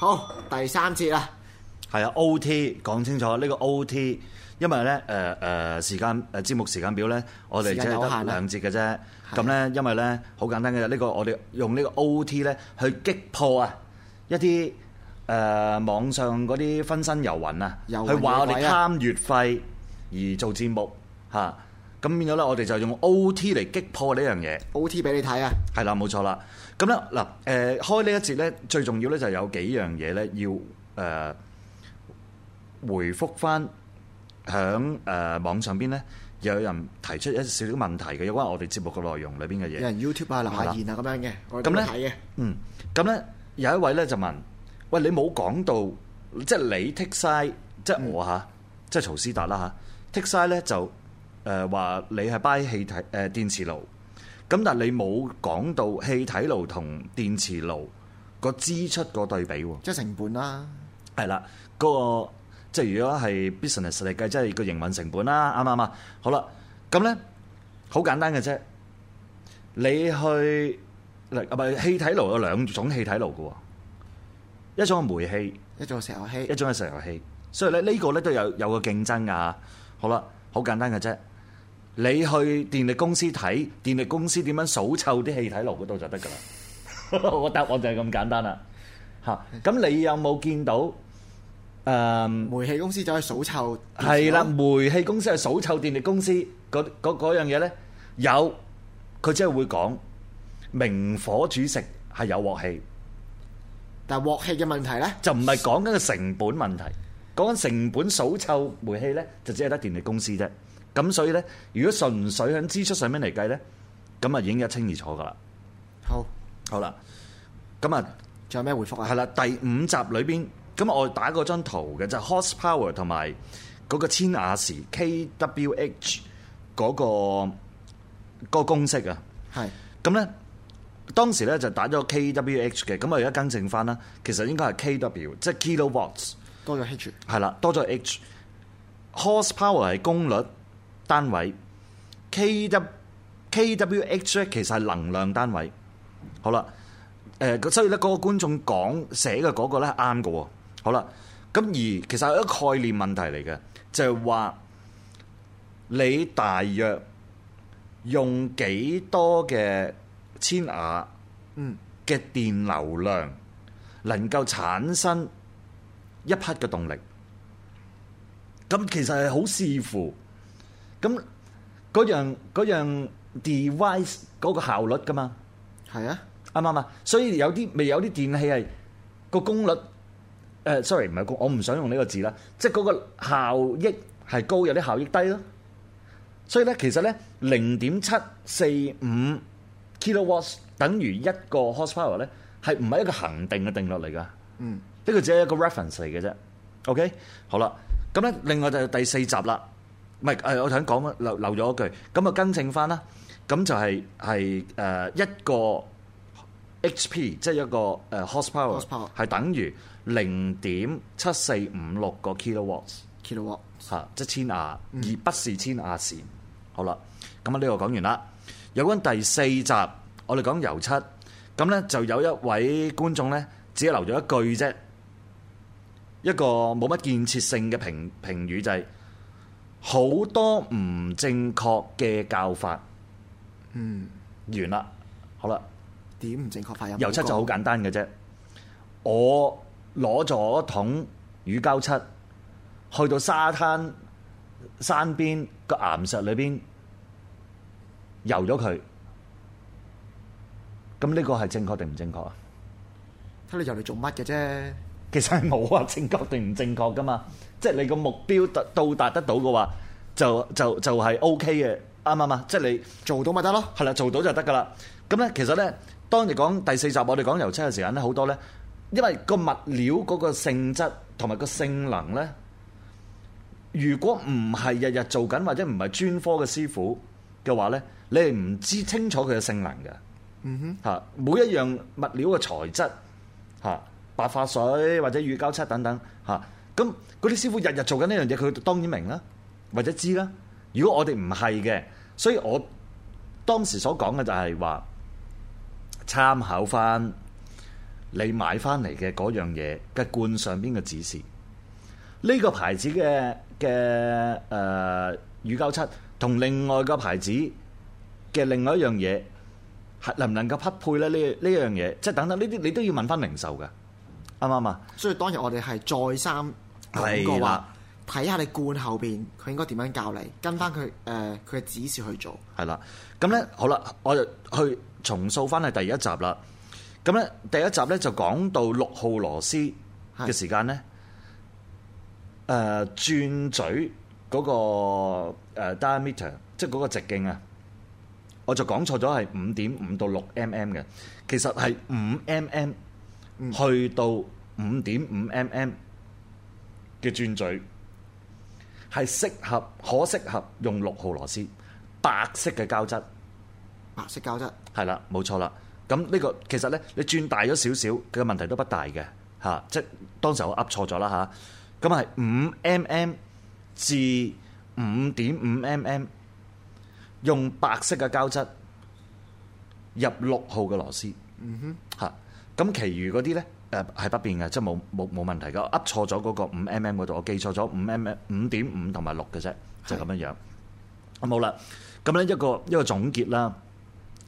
好，第三節啦，係啊，OT 講清楚呢個 OT，因為咧，誒誒，時間誒，節目時間表咧，我哋只係得兩節嘅啫。咁咧，因為咧，好簡單嘅，呢個我哋用呢個 OT 咧去擊破啊，一啲誒網上嗰啲分身遊魂啊，去話我哋貪月費而做節目吓。咁變咗咧，我哋就用 OT 嚟擊破呢樣嘢。OT 俾你睇啊！係啦，冇錯啦。咁咧嗱，誒開呢一節咧，最重要咧就係有幾樣嘢咧要誒回覆翻響誒網上邊咧，有人提出一少少問題嘅，有關我哋節目嘅內容裏邊嘅嘢。有人 YouTube 啊、留言啊咁樣嘅，咁咧係嘅。嗯，咁咧有一位咧就問，喂，你冇講到，即係你 take side，即係我嚇，即係曹撕達啦嚇，take side 咧就。誒話你係 buy 氣體誒電磁爐，咁但你冇講到氣體爐同電磁爐個支出個對比喎，即係成本啦、啊。係啦，嗰、那個即如果係 business 嚟計，即係個營運成本啦，啱唔啱啊？好啦，咁咧好簡單嘅啫，你去嗱，唔係氣體爐有兩種氣體爐㗎，一種係煤氣，一種係石油氣，一種係石油氣，所以咧呢個咧都有有個競爭㗎。好啦，好簡單嘅啫。你去電力公司睇，電力公司點樣數臭啲氣體爐嗰度就得噶啦。我答案就係咁簡單啦。嚇，咁你有冇見到？誒，煤氣公司走去數臭？係啦，煤氣公司係數臭電力公司嗰嗰嗰樣嘢咧，有佢只係會講明火煮食係有鑊氣，但係鑊氣嘅問題咧，就唔係講緊個成本問題，講緊成本數臭煤氣咧，就只係得電力公司啫。咁所以咧，如果純粹喺支出上面嚟計咧，咁啊已經一清二楚噶啦。好，好啦，咁啊，仲有咩回覆？係啦，第五集裏邊，咁我打嗰張圖嘅就係、horse power 同埋嗰個千瓦時 kwh 嗰、嗰個嗰個公式啊。係。咁咧，當時咧就打咗 kwh 嘅，咁我而家更正翻啦。其實應該係 kw，即係 kilowatts，多咗 h。係啦，多咗 h。horse power 係功率。單位，kW kW h 其實係能量單位。好啦，誒，所以咧嗰個觀眾講寫嘅嗰個咧啱嘅喎。好啦，咁而其實有一概念問題嚟嘅，就係話你大約用幾多嘅千瓦嘅電流量，能夠產生一匹嘅動力？咁其實係好視乎。咁嗰樣嗰樣 device 嗰個效率噶嘛？係啊，啱唔啱？所以有啲未有啲電器係個功率，誒，sorry，唔係我唔想用呢個字啦，即係嗰個效益係高，有啲效益低咯。所以咧，其實咧，零點七四五 kilo watts 等於一個 horsepower 咧，係唔係一個恆定嘅定律嚟噶？嗯，呢個只係一個 reference 嚟嘅啫。OK，好啦，咁咧，另外就係第四集啦。唔係我頭先講漏咗一句，咁啊更正翻啦，咁就係、係、係、呃、一個 HP，即係一個 horsepower，係等於零點七四五六個 kilowatt，kilowatt 吓，即係千瓦，嗯，而不是千瓦時。好啦，咁啊呢個講完啦。有關第四集，我哋講油漆，咁咧就有一位觀眾咧只係留咗一句啫，一個冇乜建設性嘅評評語就係、係。好多唔正確嘅教法，嗯，完啦，好啦，點唔正確法啊？油漆就好簡單嘅啫，我攞咗桶乳膠漆，去到沙灘山邊個岩石裏邊油咗佢，咁呢個係正確定唔正確啊？睇你油嚟做乜嘅啫。其實係冇話，正確定唔正確噶嘛？即係你個目標到達得到嘅話，就就就係 O K 嘅，啱唔啱？即係你做到咪得咯？係啦，做到就得噶啦。咁咧，其實咧，當你講第四集，我哋講油漆嘅時間咧，好多咧，因為個物料嗰個性質同埋個性能咧，如果唔係日日做緊或者唔係專科嘅師傅嘅話咧，你係唔知道清楚佢嘅性能嘅。嗯哼，吓每一樣物料嘅材質，吓。白發水或者乳膠漆等等，吓咁嗰啲師傅日日做緊呢樣嘢，佢當然明啦，或者知啦。如果我哋唔係嘅，所以我當時所講嘅就係話，參考翻你買翻嚟嘅嗰樣嘢嘅罐上邊嘅指示，呢個牌子嘅嘅誒乳膠漆同另外個牌子嘅另外一樣嘢係能唔能夠匹配咧？呢呢樣嘢即係等等呢啲，你都要問翻零售㗎。啱唔啱啊？所以當日我哋係再三講過的話，睇下你罐後邊佢應該點樣教你跟翻佢誒佢嘅指示去做。係啦，咁咧好啦，我就去重述翻係第一集啦。咁咧第一集咧就講到六號螺絲嘅時間咧，誒、呃、轉嘴嗰個 diameter，即係嗰個直徑啊，我就講錯咗係五點五到六 mm 嘅，其實係五 mm。去到五點五 mm 嘅鑽嘴，係適合，可適合用六號螺絲，白色嘅膠質，白色膠質，係啦，冇錯啦。咁呢個其實呢，你轉大咗少少佢嘅問題都不大嘅，嚇，即係當時我噏錯咗啦嚇。咁係五 mm 至五點五 mm，用白色嘅膠質入六號嘅螺絲，嗯哼，嚇。咁，其餘嗰啲咧，誒，係不變嘅，即係冇冇冇問題嘅。我噏錯咗嗰個五 mm 嗰度，我記錯咗五 mm 五點五同埋六嘅啫，就咁樣樣。啊、嗯，好啦，咁咧一個一個總結啦。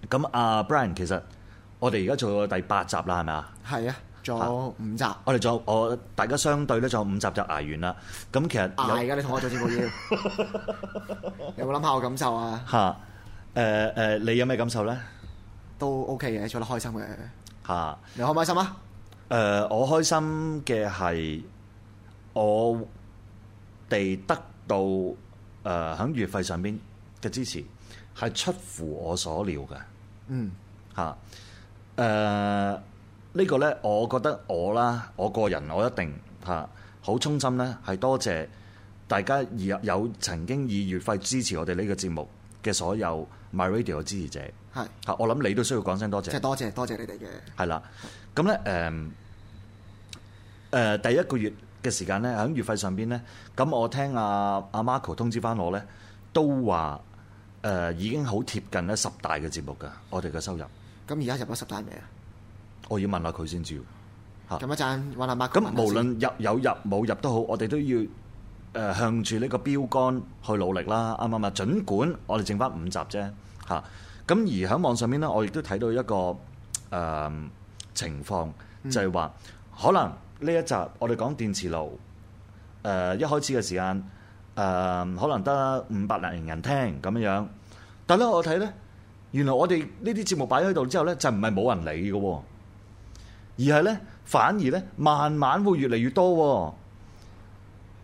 咁阿、啊、Brian 其實我哋而家做到第八集啦，係咪啊？係啊，做五集。啊、我哋仲有我大家相對咧，仲有五集就挨完啦。咁其實挨家、啊、你同我做主播要 有冇諗下我感受啊？嚇誒誒，你有咩感受咧？都 OK 嘅，做得開心嘅。啊！你開唔開心啊？誒、呃，我開心嘅係我哋得到誒響月費上邊嘅支持，係出乎我所料嘅、嗯呃。嗯，吓誒，呢個咧，我覺得我啦，我個人，我一定吓好衷心咧，係多謝大家而有曾經以月費支持我哋呢個節目，嘅所有 MyRadio 嘅支持者係，嚇我諗你都需要講聲多謝，即係多謝多謝你哋嘅。係啦，咁咧誒誒第一個月嘅時間咧，喺月費上邊咧，咁我聽阿阿 Marco 通知翻我咧，都話誒已經好貼近咧十大嘅節目㗎，我哋嘅收入。咁而家入咗十大未啊？我要問下佢先知嚇。咁一陣問下 Marco 咁無論入有，有入冇入都好，我哋都要。誒向住呢個標桿去努力啦，啱啱啊？儘管我哋剩翻五集啫，嚇。咁而喺網上面咧，我亦都睇到一個誒、呃、情況，就係、是、話可能呢一集我哋講電磁爐誒、呃、一開始嘅時間誒、呃、可能得五百零人聽咁樣樣，但咧我睇咧，原來我哋呢啲節目擺喺度之後咧，就唔係冇人理嘅，而係咧反而咧慢慢會越嚟越多。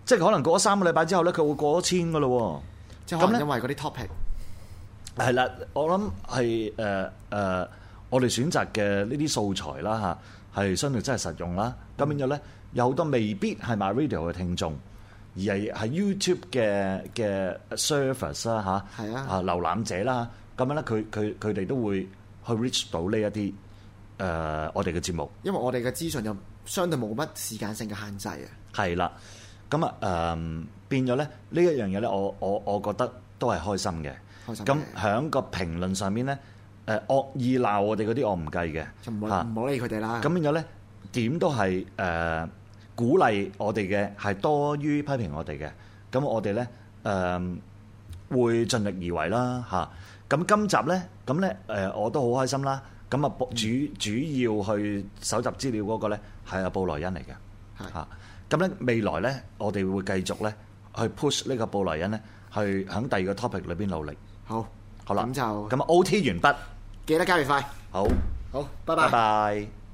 即係可能過咗三個禮拜之後咧，佢會過咗千噶咯。咁咧因為嗰啲 topic 係啦，我諗係誒誒，我哋選擇嘅呢啲素材啦吓，係相對真係實用啦。咁變咗咧，有好多未必係 my radio 嘅聽眾，而係係 YouTube 嘅嘅 service 啦、啊、吓，吓瀏覽者啦。咁樣咧，佢佢佢哋都會去 reach 到呢一啲誒，我哋嘅節目。因為我哋嘅資訊又相對冇乜時間性嘅限制啊。係啦。咁啊，誒、呃、變咗咧呢一樣嘢咧，我我我覺得都係開心嘅。開心。咁喺個評論上面咧，誒惡意鬧我哋嗰啲，我唔計嘅。唔好理佢哋啦。咁變咗咧，點都係誒、呃、鼓勵我哋嘅，係多於批評我哋嘅。咁我哋咧，誒、呃、會盡力而為啦，嚇。咁今集咧，咁咧誒我都好開心啦。咁啊，主、嗯、主要去搜集資料嗰個咧，係阿布萊恩嚟嘅。咁咧、啊、未來咧，我哋會繼續咧去 push 個暴人呢個布萊恩咧，去喺第二個 topic 裏邊努力。好，好啦，咁就咁 OT 完畢，記得加面快。好，好，拜拜。Bye bye bye bye